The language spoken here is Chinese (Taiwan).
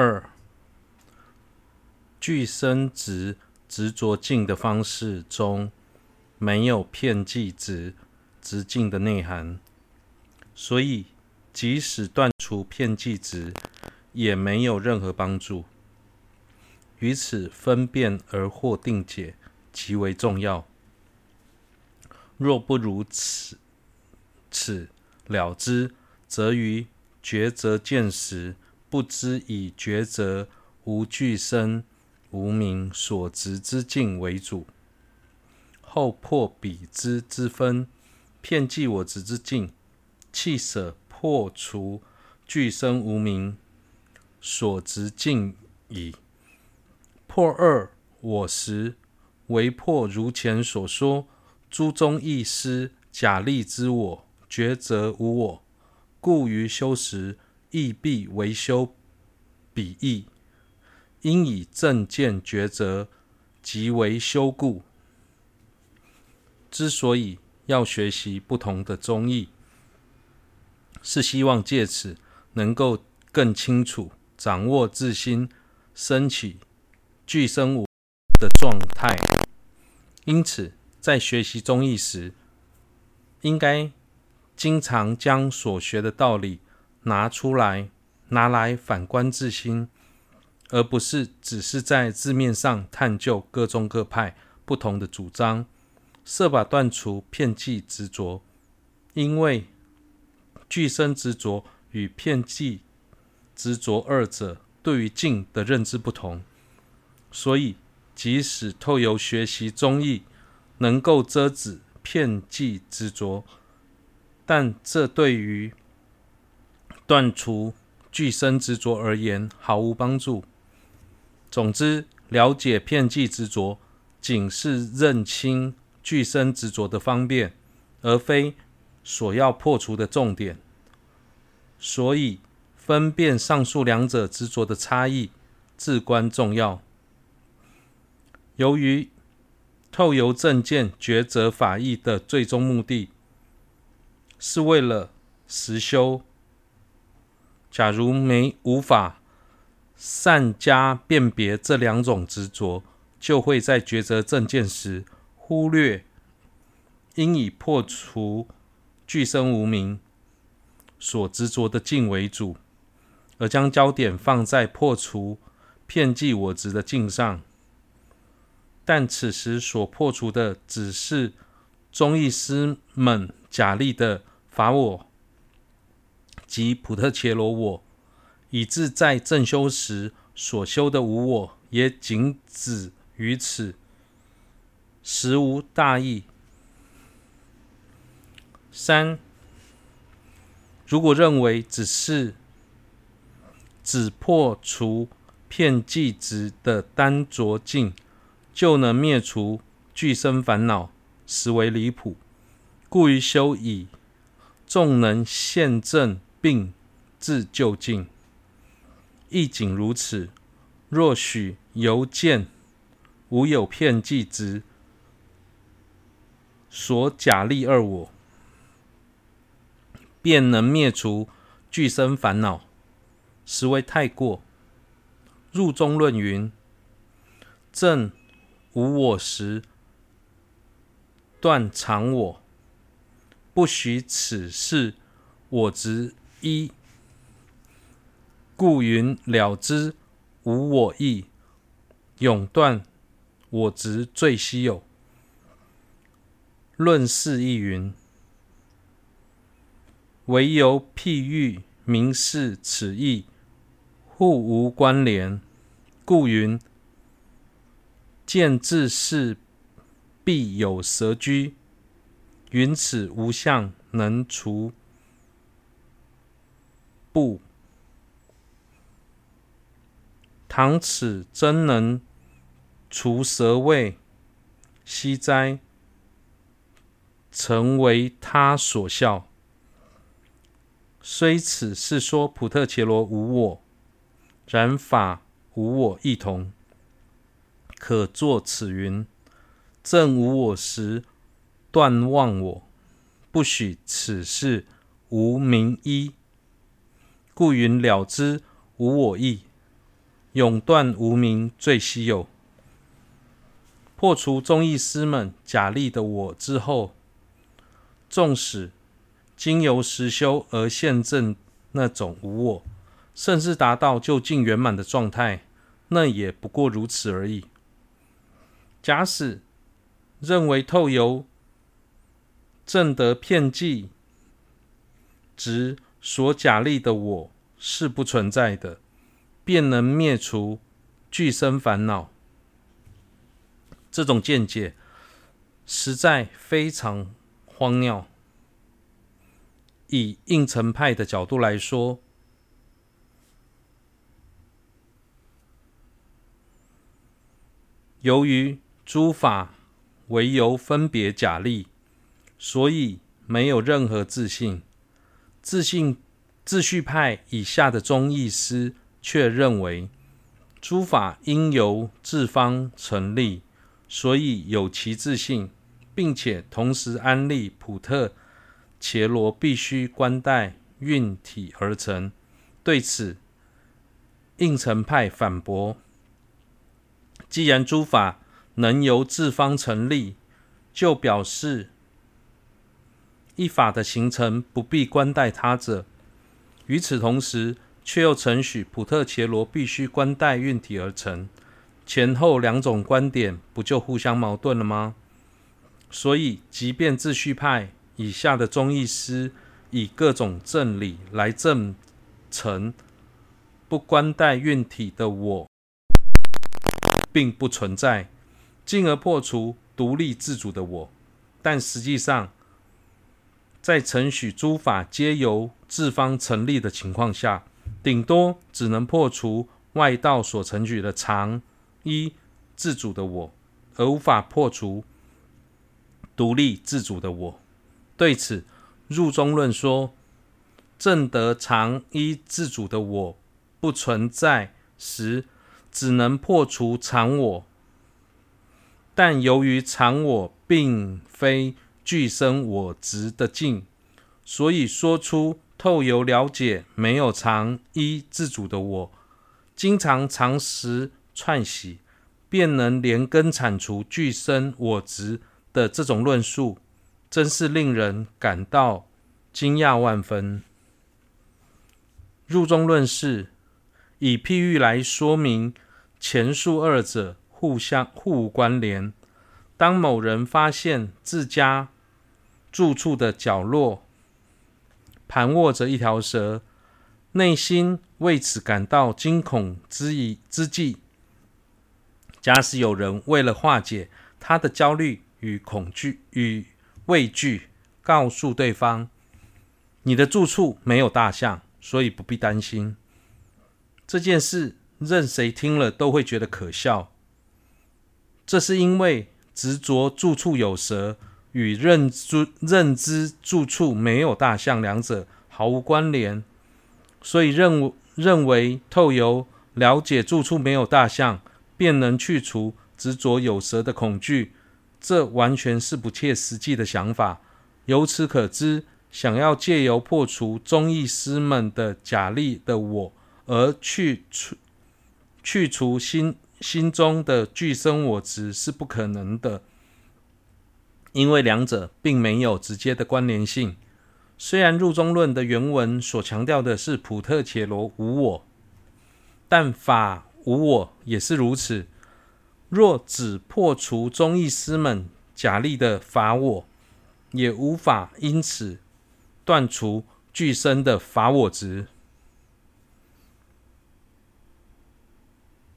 二、俱生執執着境的方式中，沒有遍計執執境的內涵，所以即使斷除遍計執，也沒有任何幫助。於此分辨而獲定解極為重要。若不如此此了知，則於抉擇見時。不知以抉擇無俱生、無明所執之境為主，後破彼之支分，遍計我執之境，棄捨破除俱生、無明所執境已。破二我時，唯破如前所說諸宗義師假立之我，抉擇無我，故於修時。亦必唯修彼義，因以正見抉擇，即為修故。之所以要學習不同的宗義，是希望借此能夠更清楚掌握自心生起俱生我執的狀態。因此，在學習宗義時，應該經常將所學的道理。拿出來，拿來反觀自心，而不是只是在字面上探究各宗各派不同的主張，設法斷除遍計執著。因為俱生執着與遍計執着二者對於境的認知不同，所以即使透由學習宗義能夠遮止遍計執着，但這對於斷除俱生執着而言，毫無幫助。總之，了解遍計執着，僅是認清俱生執着的方便，而非所要破除的重點。所以，分辨上述兩者執着的差異，至關重要。由於透由正見抉擇法義的最終目的，是為了實修。假如沒無法善加辨別這兩種執着，就會在抉擇正見時忽略應以破除俱生無明所執着的境為主，而將焦點放在破除遍計我執的境上。但此時所破除的只是宗義師們假立的法我。及補特伽羅我，以致在正修時所修的無我，也僅止於此，實無大義。三，如果認為只是只破除遍計執的耽著境，就能滅除俱生煩惱，實為離譜。故於修已縱能現證。並自究竟，亦僅如此。若許由見無有片劑之所假立二我，便能滅除具生煩惱，實為太過。入中論云：正無我時，斷常我，不許此事我執。一故云了知，無我義，永斷我執最稀有。論釋亦云，為由譬喻明示此義，互無關聯。故云見自室壁有蛇居。云此無象，能除。故倘此真能除蛇畏，稀哉！誠為他所笑。雖此是說補特伽羅無我，然法無我亦同。可作此雲：證無我時，斷妄我，不許此是無明依。」故云了知無我義，永斷無明最稀有。破除宗義師們假立的我之後，縱使經由實修而現證那種無我，甚至達到究竟圓滿的狀態，那也不過如此而已。假使認為透由證得遍計執所假立的我是不存在的，便能滅除俱生煩惱。這種見解實在非常荒謬。以應成派的角度來說，由於諸法唯由分別假立，所以沒有任何自性。自性自續派以下的宗義師卻認為，諸法應由自方成立，所以有其自性，並且同時安立補特伽羅必須觀待蘊體而成。對此，應成派反駁：既然諸法能由自方成立，就表示一法的形成不必觀待他者，於此同時，卻又承許補特伽羅必須觀待蘊體而成，前後兩種觀點不就互相矛盾了嗎？所以，即便自續派以下的宗義師以各種正理來證成不觀待蘊體的我並不存在，進而破除獨立自主的我，但實際上。在承許諸法皆由自方成立的情況下，頂多只能破除外道所承許的常、一、自主的我，而無法破除獨立自主的我。對此，《入中論》說：證得常、一、自主的我不存在時，只能破除常我，但由於常我並非。俱生我執的境，所以說出透由了解沒有常、一、自主的我，經過長時串習，便能連根鏟除俱生我執的這種論述，真是令人感到驚訝萬分。入中論釋以譬喻來說明前述二者互相互無關聯。當某人發現自家。住處的角落盤臥着一條蛇，內心為此感到驚恐之以之際。假使有人為了化解他的焦慮與恐懼與畏懼，告訴對方：“你的住處沒有大象，所以不必擔心。”這件事任誰聽了都會覺得可笑。這是因為執着住處有蛇。與認知認知住處沒有大象，兩者毫無關聯，所以認認為透由了解住處沒有大象，便能去除執着有蛇的恐懼，這完全是不切實際的想法。由此可知，想要借由破除宗義師們的假立的我，而去除去除心心中的俱生我執是不可能的。因為兩者並沒有直接的關聯性。雖然入中論的原文所強調的是補特伽羅無我，但法無我也是如此。若只破除宗義師們假立的法我，也無法因此斷除俱生的法我執。